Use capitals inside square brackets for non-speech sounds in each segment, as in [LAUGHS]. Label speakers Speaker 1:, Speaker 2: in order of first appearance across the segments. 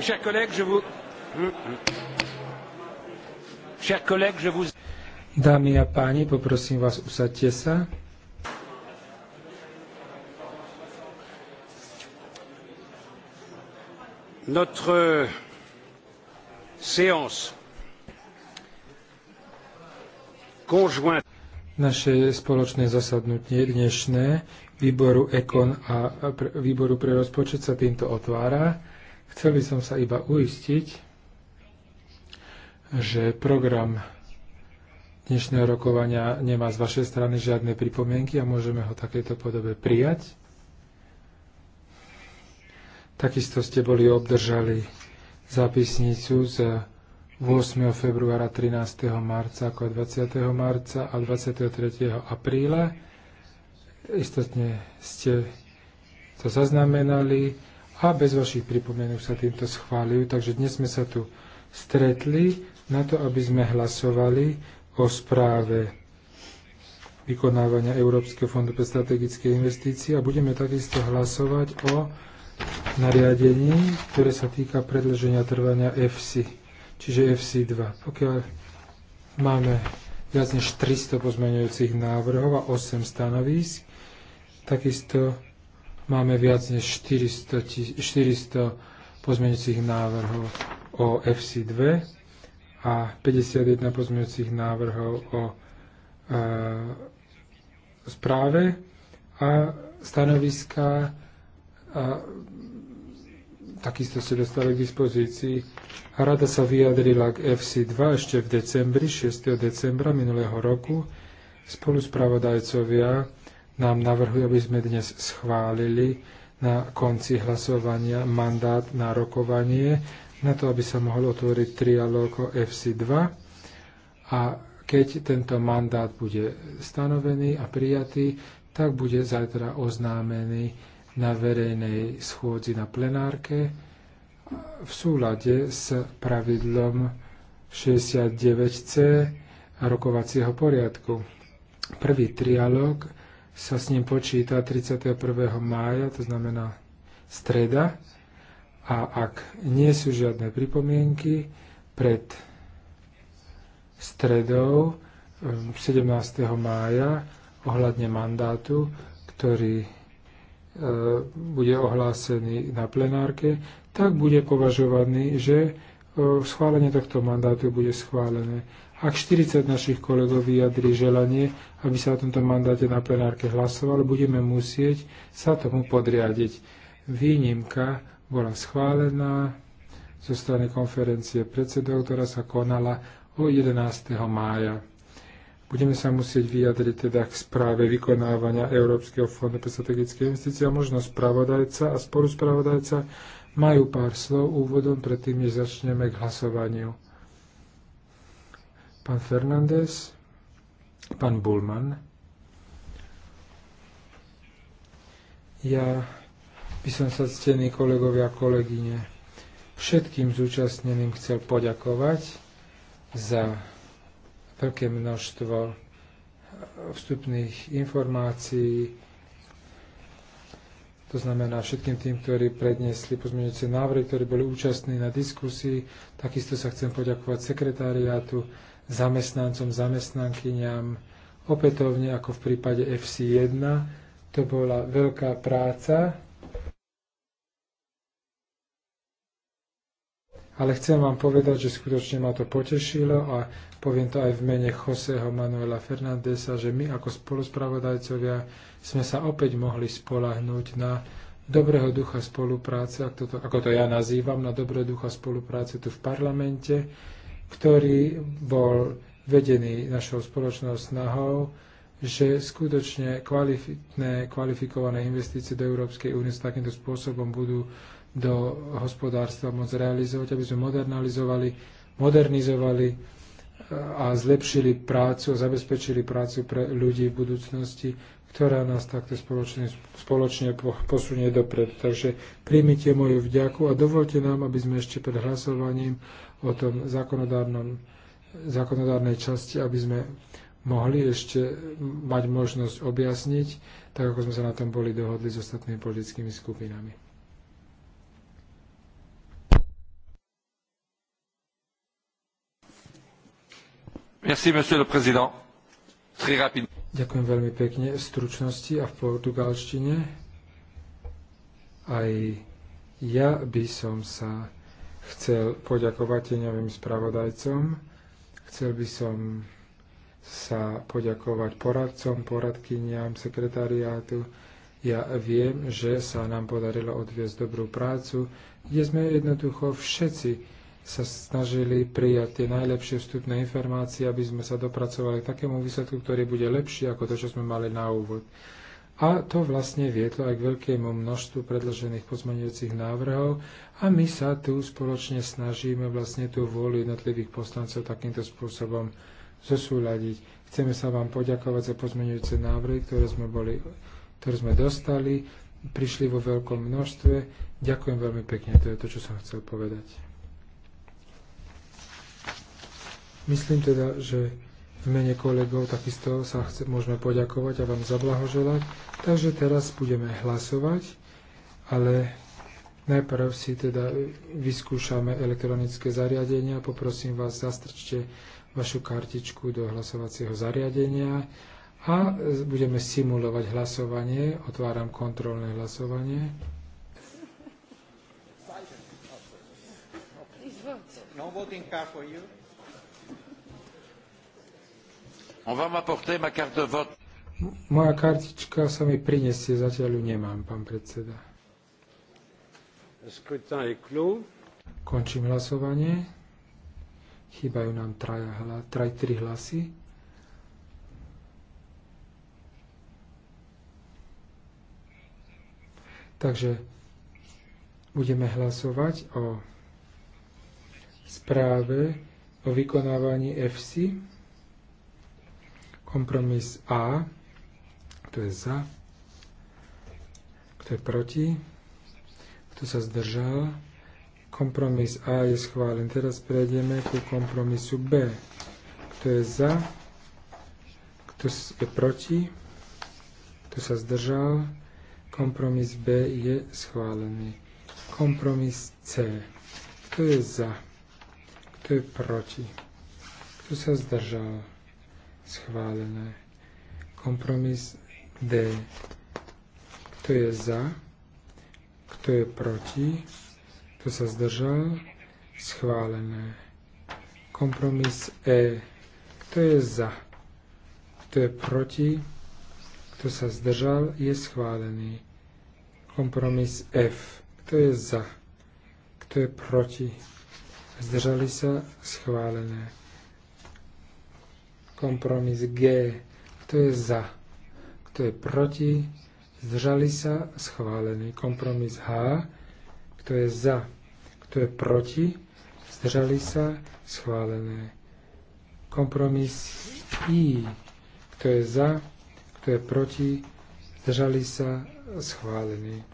Speaker 1: Chers collègues, je vous... Chers collègues, je vous... Dámy a páni, poprosím vás, usadte sa.
Speaker 2: Notre séance
Speaker 1: conjointe naše spoločné zasadnutie dnešné výboru EKON a výboru pre rozpočet sa týmto otvára. Chcel by som sa iba uistiť, že program dnešného rokovania nemá z vašej strany žiadne pripomienky a môžeme ho takejto podobe prijať. Takisto ste boli obdržali zápisnicu z 8. februára, 13. marca, ako 20. marca a 23. apríla. Istotne ste to zaznamenali a bez vašich pripomienok sa týmto schválil. Takže dnes sme sa tu stretli na to, aby sme hlasovali o správe vykonávania Európskeho fondu pre strategické investície a budeme takisto hlasovať o
Speaker 2: nariadení,
Speaker 1: ktoré sa týka predlženia trvania FC, čiže FC2. Pokiaľ máme viac než 300 pozmeňujúcich návrhov a 8 stanovísk, takisto Máme viac než 400, 400 pozmeňujúcich návrhov o FC2 a 51 pozmeňujúcich návrhov o e, správe a stanoviska a, takisto ste dostali k dispozícii. A rada sa vyjadrila k FC2 ešte v decembri, 6. decembra minulého roku. Spoluspravodajcovia nám navrhuje, aby sme dnes schválili na konci hlasovania mandát na rokovanie, na to, aby sa mohol otvoriť trialóg o FC2. A keď tento mandát bude stanovený a prijatý, tak bude zajtra oznámený na verejnej schôdzi na plenárke v súlade s pravidlom 69c rokovacieho poriadku. Prvý trialóg sa s ním počíta 31. mája, to znamená streda. A ak nie sú žiadne pripomienky pred stredou 17. Ehm, mája ohľadne mandátu, ktorý ehm, bude ohlásený na plenárke, tak bude považovaný, že E, schválenie tohto mandátu bude schválené. Ak 40 našich kolegov vyjadrí želanie, aby sa o tomto mandáte na plenárke hlasovalo, budeme musieť sa tomu podriadiť. Výnimka bola schválená zo strany konferencie predsedov, ktorá sa konala o 11. mája. Budeme sa musieť vyjadriť teda k správe vykonávania Európskeho fondu pre strategické investície a možno spravodajca a spoluspravodajca majú pár slov úvodom, predtým než začneme k hlasovaniu. Pán Fernández, pán Bulman. Ja by som sa ctení kolegovia a kolegyne všetkým zúčastneným chcel poďakovať za veľké množstvo vstupných informácií, to znamená všetkým tým, ktorí predniesli pozmeňujúce návrhy, ktorí boli účastní na diskusii. Takisto sa chcem poďakovať sekretariátu, zamestnancom, zamestnankyňam. Opätovne ako v prípade FC1, to bola veľká práca, ale chcem vám povedať, že skutočne ma to potešilo a poviem to aj v mene Joseho Manuela Fernandesa, že my ako spoluspravodajcovia sme sa opäť mohli spolahnúť na dobrého ducha spolupráce, ako to, ako to ja nazývam, na dobrého ducha spolupráce tu v parlamente, ktorý bol vedený našou spoločnou snahou, že skutočne kvalifikované investície do Európskej únie s takýmto spôsobom budú do hospodárstva môcť realizovať, aby sme modernizovali, modernizovali a zlepšili prácu, zabezpečili prácu pre ľudí v budúcnosti, ktorá nás takto spoločne, spoločne posunie dopredu. Takže príjmite moju vďaku a dovolte nám, aby sme ešte pred hlasovaním o tom zákonodárnom, zákonodárnej časti, aby sme mohli ešte mať možnosť objasniť, tak ako sme sa na tom boli dohodli s ostatnými politickými skupinami. Ďakujem veľmi pekne v stručnosti a v portugalštine. Aj ja by som sa chcel poďakovať teňovým spravodajcom. Chcel by som sa poďakovať poradcom, poradkyniam, sekretariátu. Ja viem, že sa nám podarilo odviesť dobrú prácu, kde sme jednoducho všetci sa snažili prijať tie najlepšie vstupné informácie, aby sme sa dopracovali k takému výsledku, ktorý bude lepší ako to, čo sme mali na úvod. A to vlastne viedlo aj k veľkému množstvu predložených pozmeňujúcich návrhov a my sa tu spoločne snažíme vlastne tú vôľu jednotlivých poslancov takýmto spôsobom zosúľadiť. Chceme sa vám poďakovať za pozmeňujúce návrhy, ktoré sme, boli, ktoré sme dostali, prišli vo veľkom množstve. Ďakujem veľmi pekne, to je to, čo som chcel povedať. Myslím teda, že v mene kolegov takisto sa chce, môžeme poďakovať a vám zablahoželať. Takže teraz budeme hlasovať, ale najprv si teda vyskúšame elektronické zariadenia. Poprosím vás, zastrčte vašu kartičku do hlasovacieho zariadenia a budeme simulovať hlasovanie. Otváram kontrolné hlasovanie.
Speaker 2: No voting card for you. On ma carte de vote.
Speaker 1: Moja kartička sa mi prinesie, zatiaľ ju nemám, pán predseda. Končím hlasovanie. Chýbajú nám traja, traj, tri hlasy. Takže budeme hlasovať o správe o vykonávaní EFSI. Kompromis A, kto je za, kto je proti, kto sa zdržal. Kompromis A je schválen. Teraz prejdeme ku kompromisu B. Kto je za, kto je proti, kto sa zdržal. Kompromis B je schválený. Kompromis C. Kto je za? Kto je proti? Kto sa zdržal? schválené. Kompromis D. Kto je za? Kto je proti? Kto sa zdržal? Schválené. Kompromis E. Kto je za? Kto je proti? Kto sa zdržal? Je schválený. Kompromis F. Kto je za? Kto je proti? Zdržali sa? Schválené Kompromis G. Kto je za? Kto je proti? Zdržali sa? Schválený. Kompromis H. Kto je za? Kto je proti? Zdržali sa? Schválené. Kompromis I. Kto je za? Kto je proti? Zdržali sa? Schválený.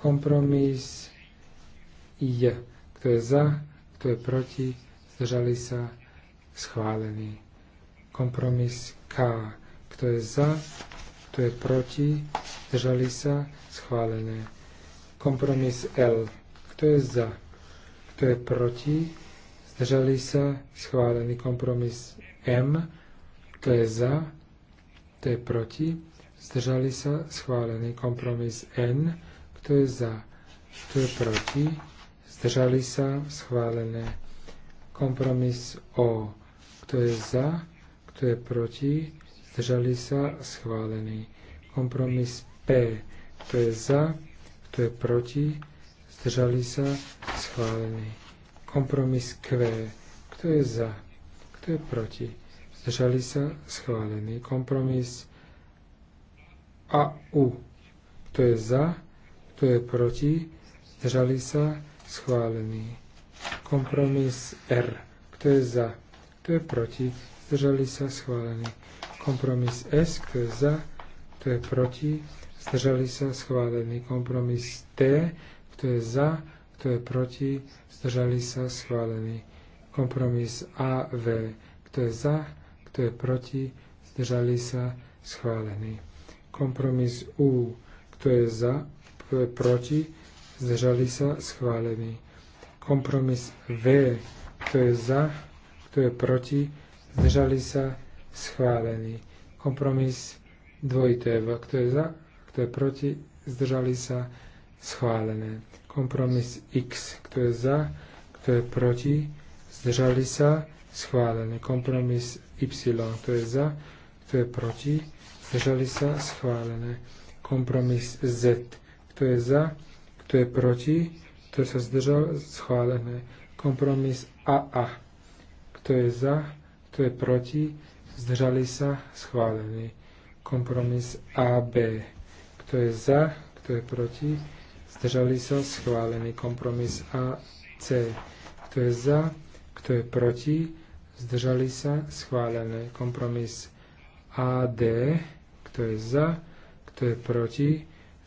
Speaker 1: Kompromis I. Kto je za? Kto je proti? Zdržali sa? Schválený Kompromis K. Kto je za, kto je proti, zdržali sa, schválené. Kompromis L. Kto je za, kto je proti, zdržali sa, schválený. Kompromis M. Kto je za, kto je proti, zdržali sa, schválený. Kompromis N. Kto je za, kto je proti, zdržali sa, schválené. Kompromis O. Kto je za, kto je proti, zdržali sa, schválený. Kompromis P, kto je za, kto je proti, zdržali sa, schválený. Kompromis Q, kto je za, kto je proti, zdržali sa, schválený. Kompromis a U. kto je za, kto je proti, zdržali sa, schválený. Kompromis R, kto je za, kto je proti, zdržali sa schválený. Kompromis S, kto je za, kto je proti, zdržali sa schválený. Kompromis T, kto je za, kto je proti, zdržali sa schválený. Kompromis AV, kto je za, kto je proti, zdržali sa schválený. Kompromis U, kto je za, kto je proti, zdržali sa schválený. Kompromis V, kto je za, kto je proti, zdržali sa, schválený. Kompromis dvojité V, kto je za, kto je proti, zdržali sa, schválené. Kompromis X, kto je za, kto je proti, zdržali sa, schválené. Kompromis Y, kto je za, kto je proti, zdržali sa, schválené. Kompromis Z, kto je za, kto je proti, kto sa zdržal, schválené. Kompromis AA, kto je za, kto je proti, zdržali sa, schválený. Kompromis AB, kto je za, kto je proti, zdržali sa, schválený. Kompromis AC, kto je za, kto je proti, zdržali sa, schválený. Kompromis AD, kto je za, kto je proti,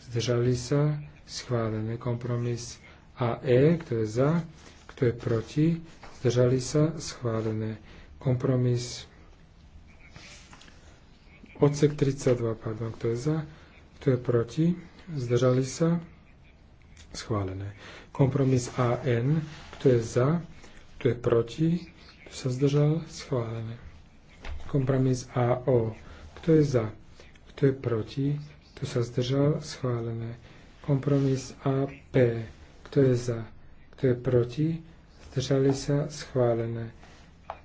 Speaker 1: zdržali sa, schválený. Kompromis AE, kto je za, kto je proti, zdržali sa, schválené kompromis odsek 32, pardon, kto je za, kto je proti, zdržali sa, schválené. Kompromis AN, kto je za, kto je proti, kto sa zdržal, schválené. Kompromis AO, kto je za, kto je proti, kto sa zdržal, schválené. Kompromis AP, kto je za, kto je proti, zdržali sa, schválené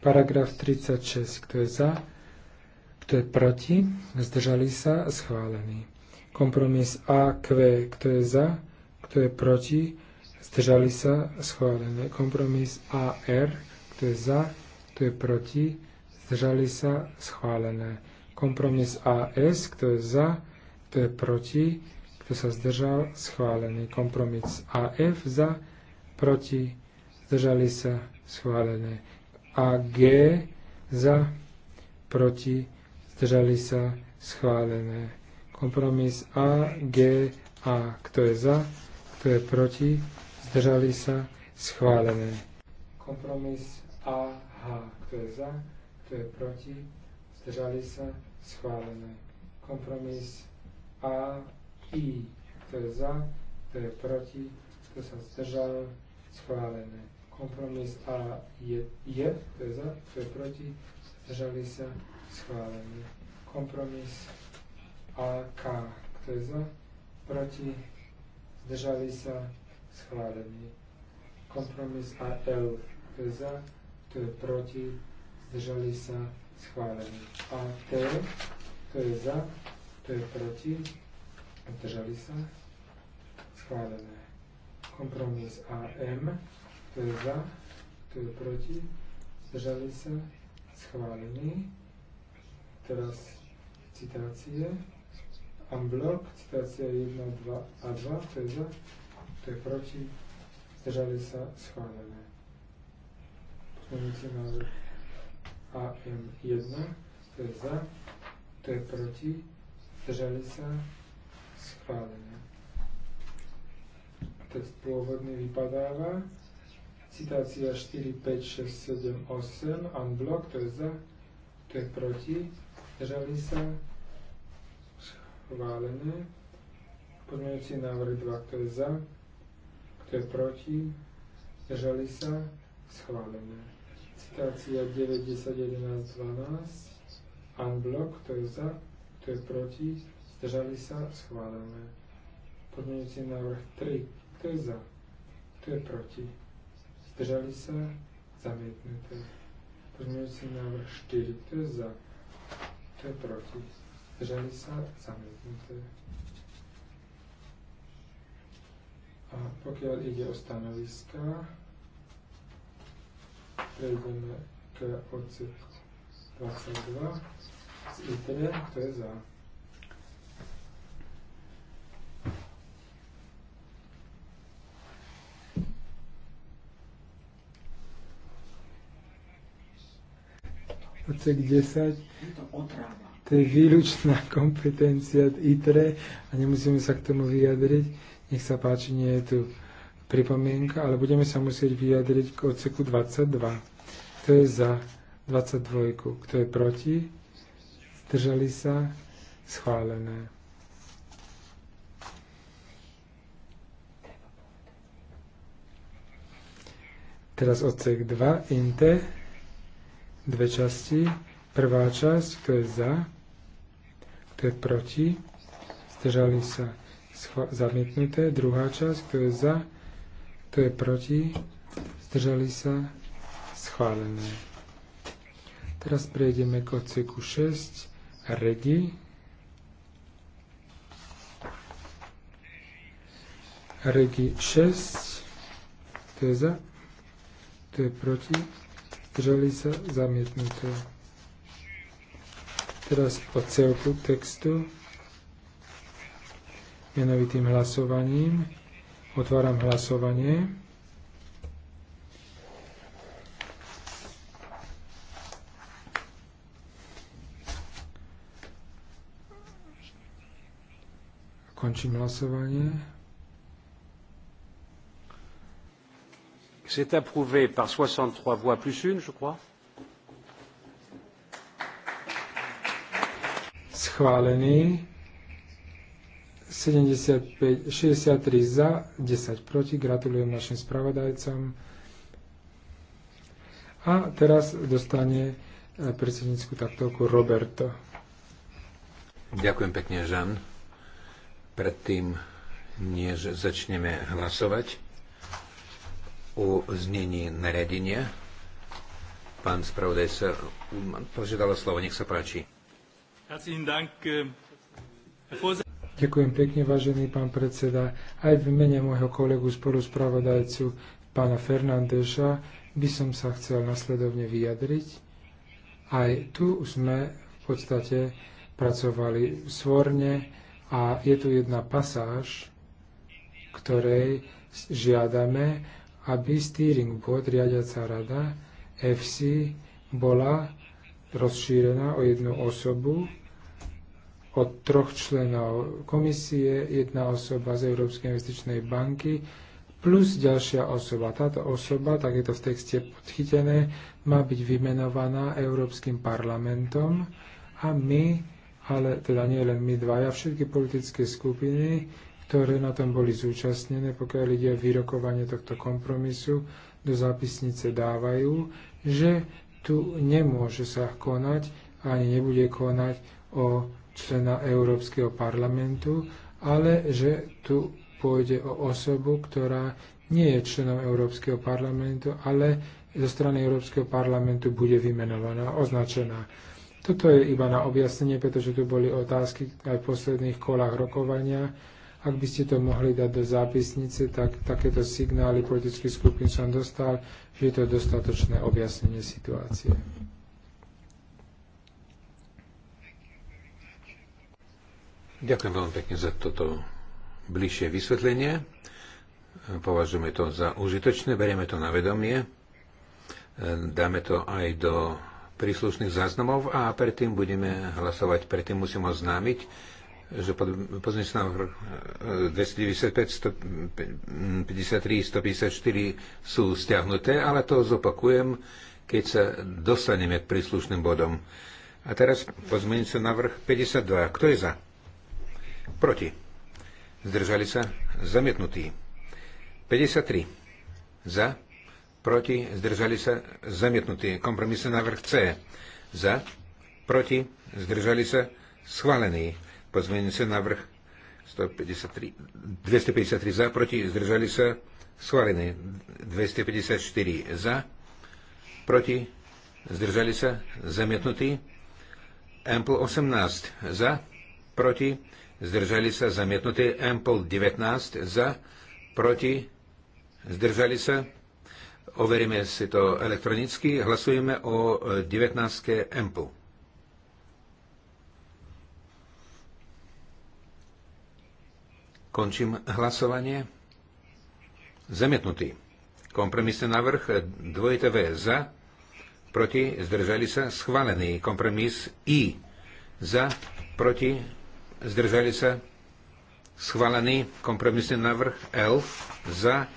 Speaker 1: Paragraf 36. Kto je za? Kto je proti? Zdržali sa? Schválený. Kompromis AQ. Kto je za? Kto je proti? Zdržali sa? Schválené. Kompromis AR. Kto je za? Kto je proti? Zdržali sa? Schválené. Kompromis AS. Kto je za? Kto je proti? Kto sa zdržal? Schválený. Kompromis AF. Za? Proti? Zdržali sa? Schválené a G za, proti, zdržali sa, schválené. Kompromis A, G, A. Kto je za, kto je proti, zdržali sa, schválené. Kompromis A, H. Kto je za, kto je proti, zdržali sa, schválené. Kompromis A, I. Kto je za, kto je proti, kto sa zdržal, schválené Kompromis A je, je to je za, kto je proti, zdržali sa, schválenie. Kompromis AK, kto je za, proti, zdržali sa, schválenie. Kompromis AL, kto je za, kto je proti, zdržali sa, schválený. AT, to je za, kto je proti, zdržali sa, schválené. Kompromis AM, kto je za? Kto je proti? Zdržali sa? Schválený. Teraz citácie. Unblock, citácia 1, 2 a 2. Kto je za? Kto je proti? Zdržali sa? Schválené. Pozmeňujúci návrh AM1. Kto je za? Kto je proti? Zdržali sa? Schválené. Text pôvodný vypadáva. Citácia 4, 5, 6, 7, 8, unblock, to je za, to je proti, zdržali sa, schválené. podmienujúci návrh 2, kto je za, kto je proti, zdržali sa, schválené. Citácia 9, 10, 11, 12, unblock, kto je za, kto je proti, zdržali sa, schválené. Podmienujúci návrh 3, kto je za, kto je proti, zdržali sa, zamietnuté. Pozmeňujúci návrh 4, kto je za, kto je proti, zdržali sa, zamietnuté. A pokiaľ ide o stanoviska, prejdeme k odseku 22 z ITRE, kto je za. odsek 10. To je výlučná [LAUGHS] kompetencia ITRE a nemusíme sa k tomu vyjadriť. Nech sa páči, nie je tu pripomienka, ale budeme sa musieť vyjadriť k odseku 22. Kto je za 22? Kto je proti? Zdržali sa? Schválené. Teraz odsek 2, INTE dve časti. Prvá časť, kto je za, kto je proti, zdržali sa zamietnuté. Druhá časť, kto je za, kto je proti, zdržali sa schválené. Teraz prejdeme k odseku 6, regi. Regi 6, to je za, to je proti, zdržali sa, zamietnuté. Teraz o celku textu menovitým hlasovaním. Otváram hlasovanie. Končím hlasovanie.
Speaker 2: C'est approuvé par soixante trois voix plus une, je crois.
Speaker 1: Schválený. 75, 63 za, 10 proti. Gratulujem našim spravodajcom. A teraz dostane e, predsednícku taktovku Roberto.
Speaker 2: Ďakujem pekne, Žan. Predtým, než začneme hlasovať, o znení nariadenia. Pán spravodajca požiadala slovo, nech sa páči. Eh,
Speaker 1: Ďakujem pekne, vážený pán predseda. Aj v mene môjho kolegu spoluspravodajcu pána Fernandeša by som sa chcel nasledovne vyjadriť. Aj tu sme v podstate pracovali svorne a je tu jedna pasáž, ktorej žiadame, aby steering board, riadiaca rada FC bola rozšírená o jednu osobu od troch členov komisie, jedna osoba z Európskej investičnej banky plus ďalšia osoba. Táto osoba, tak je to v texte podchytené, má byť vymenovaná Európskym parlamentom a my, ale teda nie len my dvaja, všetky politické skupiny ktoré na tom boli zúčastnené, pokiaľ ide o vyrokovanie tohto kompromisu, do zápisnice dávajú, že tu nemôže sa konať ani nebude konať o člena Európskeho parlamentu, ale že tu pôjde o osobu, ktorá nie je členom Európskeho parlamentu, ale zo strany Európskeho parlamentu bude vymenovaná, označená. Toto je iba na objasnenie, pretože tu boli otázky aj v posledných kolách rokovania, ak by ste to mohli dať do zápisnice, tak takéto signály politických skupín som dostal, že je to dostatočné objasnenie situácie.
Speaker 2: Ďakujem veľmi pekne za toto bližšie vysvetlenie. Považujeme to za užitočné, berieme to na vedomie, dáme to aj do príslušných záznamov a predtým budeme hlasovať. Predtým musím oznámiť, že pod pozmeňujúci návrh 295, 153, 154 sú stiahnuté, ale to zopakujem, keď sa dostaneme k príslušným bodom. A teraz pozmeňujúci návrh 52. Kto je za? Proti. Zdržali sa? Zamietnutí. 53. Za? Proti. Zdržali sa? Zamietnutí. Kompromisný návrh C. Za? Proti. Zdržali sa? Schválený. Pozmeňujúci návrh 253 za, proti, zdržali sa, schválený. 254 za, proti, zdržali sa, zamietnutý. Ample 18 za, proti, zdržali sa, zamietnutý. Ample 19 za, proti, zdržali sa. Overíme si to elektronicky. Hlasujeme o 19. Ample. Končím hlasovanie. Zamietnutý. Kompromisný návrh dvojité V za, proti, zdržali sa, schválený. Kompromis I za, proti, zdržali sa, schválený. Kompromisný návrh L za,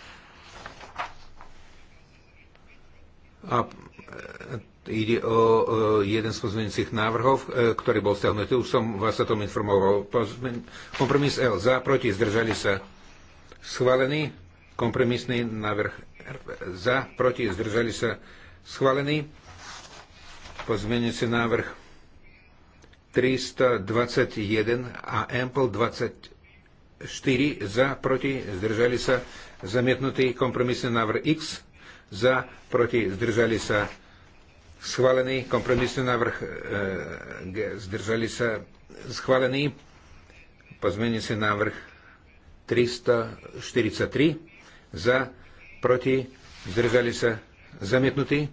Speaker 2: a Ide o jeden z pozmeňujúcich návrhov, e, ktorý bol stiahnutý. Už som vás o tom informoval. Kompromis L. Za, proti, zdržali sa. Schválený. Kompromisný návrh R. Za, proti, zdržali sa. Schválený. Pozmeňujúci návrh 321 a Ample 24. Za, proti, zdržali sa. Zamietnutý kompromisný návrh X. Za, proti, zdržali sa schválený kompromisný návrh e, G, zdržali sa schválený pozmenujúci návrh 343 za, proti, zdržali sa zamietnutí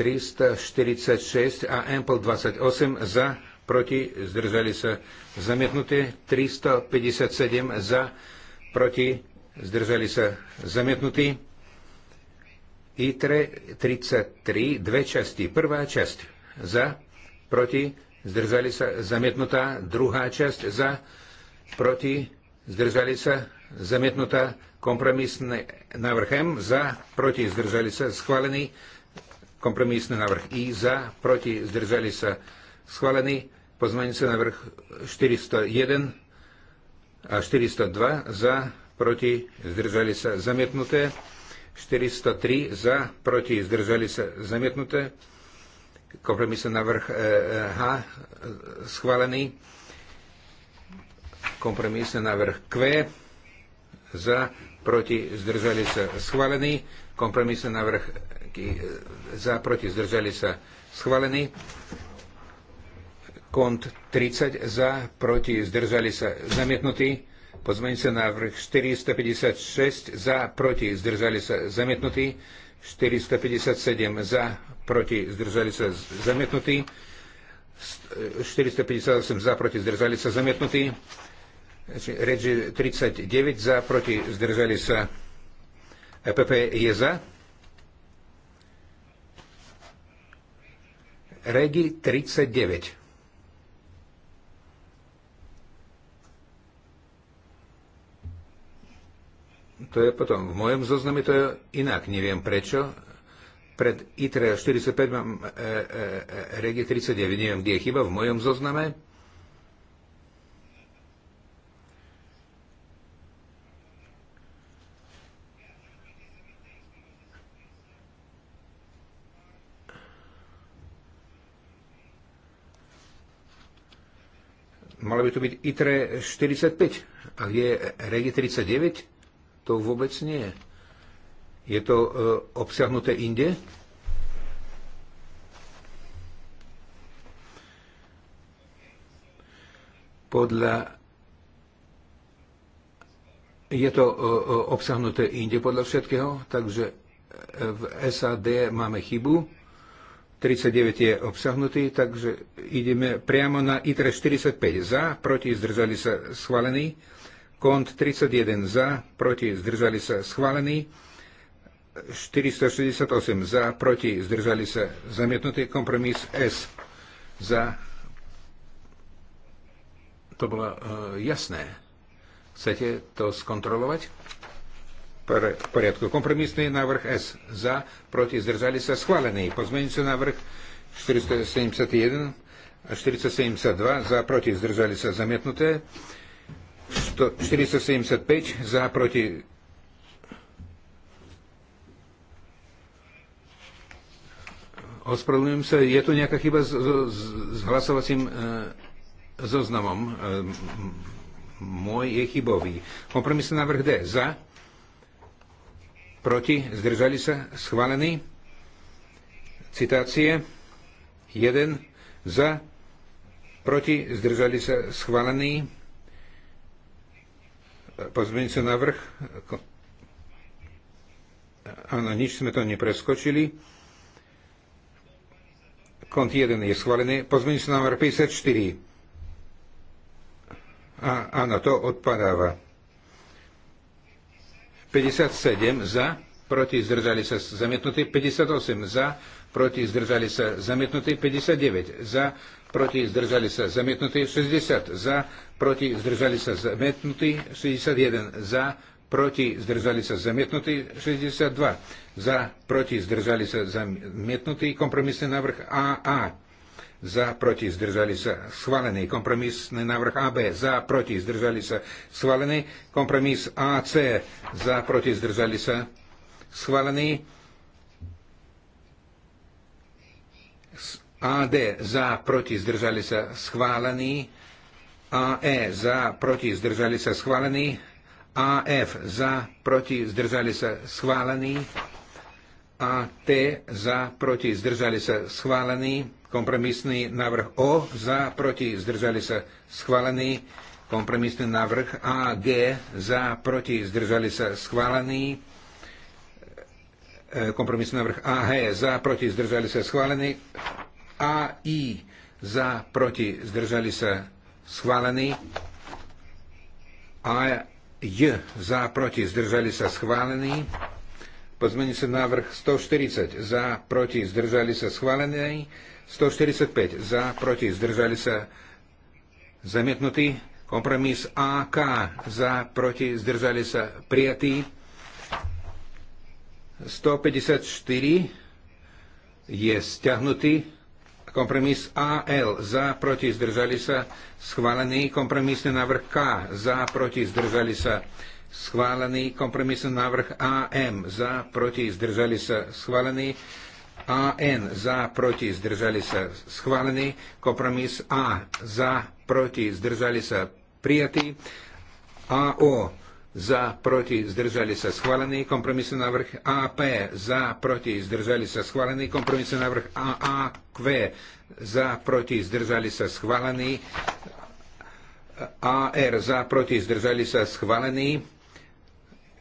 Speaker 2: 346 a Ample 28 za, proti, zdržali sa zamietnuté 357 za, proti, zdržali sa zamietnutí ITRE 33, dve časti. Prvá časť za, proti, zdržali sa, zamietnutá. Druhá časť za, proti, zdržali sa, zamietnutá. Kompromisný návrh M za, proti, zdržali sa, schválený. Kompromisný návrh I za, proti, zdržali sa, schválený. sa návrh 401 a 402 za, proti, zdržali sa, zamietnuté. 403 za, proti, zdržali sa zamietnuté. Kompromisný návrh e, e, H schválený. Kompromisný návrh Q za, proti, zdržali sa schválený. Kompromisný návrh e, za, proti, zdržali sa schválený. Kont 30 za, proti, zdržali sa zamietnutý. Pozmeňujúci návrh 456 za, proti, zdržali sa zamietnutí. 457 za, proti, zdržali sa zamietnutí. 458 za, proti, zdržali sa zamietnutí. Reči 39 za, proti, zdržali sa. EPP je za. Regi 39. to je potom. V mojom zozname to je inak, neviem prečo. Pred ITRE 45 mám e, e, e Regie 39, neviem, kde je chyba, v mojom zozname. malo by to byť ITRE 45. A kde je Regi 39? To vôbec nie. Je to e, obsiahnuté inde? Podľa je to e, e obsahnuté inde podľa všetkého, takže e, v SAD máme chybu. 39 je obsahnutý, takže ideme priamo na ITRE 45 za, proti zdržali sa schválený. Kont 31 za, proti zdržali sa schválený. 468 za, proti zdržali sa zamietnutý. Kompromis S za. To bolo uh, jasné. Chcete to skontrolovať? Pre, v poriadku. Kompromisný návrh S za, proti zdržali sa schválený. Pozmeňujúci návrh 471 a 472 za, proti zdržali sa zamietnuté. 475 za proti Ospravedlňujem sa, je tu nejaká chyba s, s, s hlasovacím e, zoznamom. E, môj je chybový. Kompromisný návrh D. Za? Proti? Zdržali sa? Schválený? Citácie? 1. Za? Proti? Zdržali sa? Schválený? Pozmeňujúci návrh. Áno, nič sme to nepreskočili. Kont 1 je schválený. Pozmeňujúci návrh 54. A, áno, to odpadáva. 57 za, proti zdržali sa zamietnutí, 58 za, proti zdržali sa zamietnutí 59 za, proti zdržali sa zamietnutí 60 za, proti zdržali sa zamietnutí 61 za, proti zdržali sa zamietnutí 62 za, proti zdržali sa zamietnutí kompromisný návrh AA za, proti zdržali sa schválený kompromisný návrh AB, za, proti zdržali sa schválený kompromis AC, za, proti zdržali sa schválený AD za, proti, zdržali sa schválení. AE za, proti, zdržali sa schválení. AF za, proti, zdržali sa schválení. AT za, proti, zdržali sa schválení. Kompromisný návrh O za, proti, zdržali sa schválení. Kompromisný návrh AG za, proti, zdržali sa schválený. E, kompromisný návrh AH za, proti, zdržali sa schválený a i za, proti, zdržali sa schválený. A J za, proti, zdržali sa schválený. Pozmení sa návrh 140 za, proti, zdržali sa schválený. 145 za, proti, zdržali sa zamietnutý. Kompromis AK za, proti, zdržali sa prijatý. 154 je stiahnutý. Kompromis AL za, proti, zdržali sa, schválený. Kompromisný návrh K za, proti, zdržali sa, schválený. Kompromisný návrh AM za, proti, zdržali sa, schválený. AN za, proti, zdržali sa, schválený. Kompromis A za, proti, zdržali sa, prijatý. AO za, proti, zdržali sa schválený kompromisný návrh AP, za, proti, zdržali sa schválený kompromisný návrh AAQ, za, proti, zdržali sa schválený AR, za, proti, zdržali sa schválený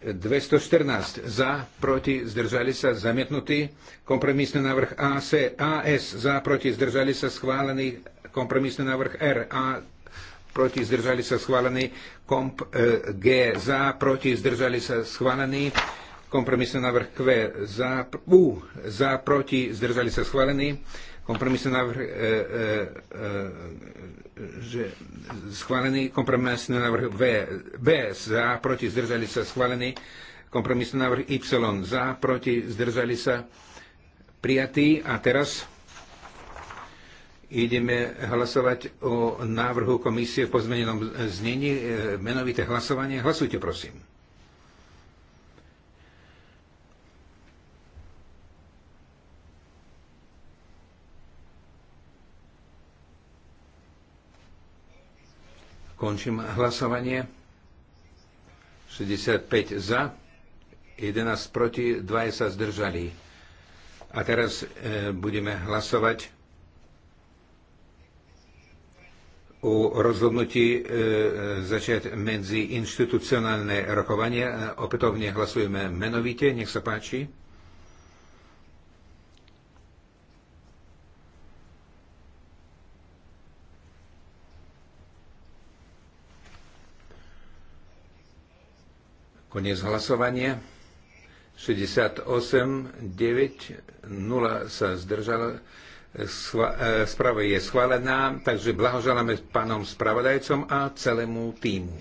Speaker 2: 214 za, proti, zdržali sa, zamietnutý. Kompromisný návrh AC, AS za, proti, zdržali sa, schválený. Kompromisný návrh R, A, proti zdržali sa schválený, komp e, G za, proti zdržali sa schválený, kompromisný návrh Q za, U za, proti zdržali sa schválený, kompromisný návrh e, e, e, že schválený, kompromisný návrh v, B za, proti zdržali sa schválený, kompromisný návrh Y za, proti zdržali sa prijatý a teraz Ideme hlasovať o návrhu komisie v pozmenenom znení. E, menovité hlasovanie. Hlasujte, prosím. Končím hlasovanie. 65 za, 11 proti, 2 sa zdržali. A teraz e, budeme hlasovať o rozhodnutí e, e, začať medzi inštitucionálne rokovanie. Opätovne hlasujeme menovite. Nech sa páči. Konec hlasovania. 68, 9, 0 sa zdržalo. E, správa je schválená, takže blahoželáme pánom spravodajcom a celému týmu.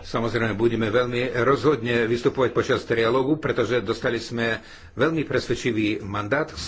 Speaker 2: Samozrejme, budeme veľmi
Speaker 1: rozhodne vystupovať počas trialógu, pretože dostali sme veľmi presvedčivý mandát.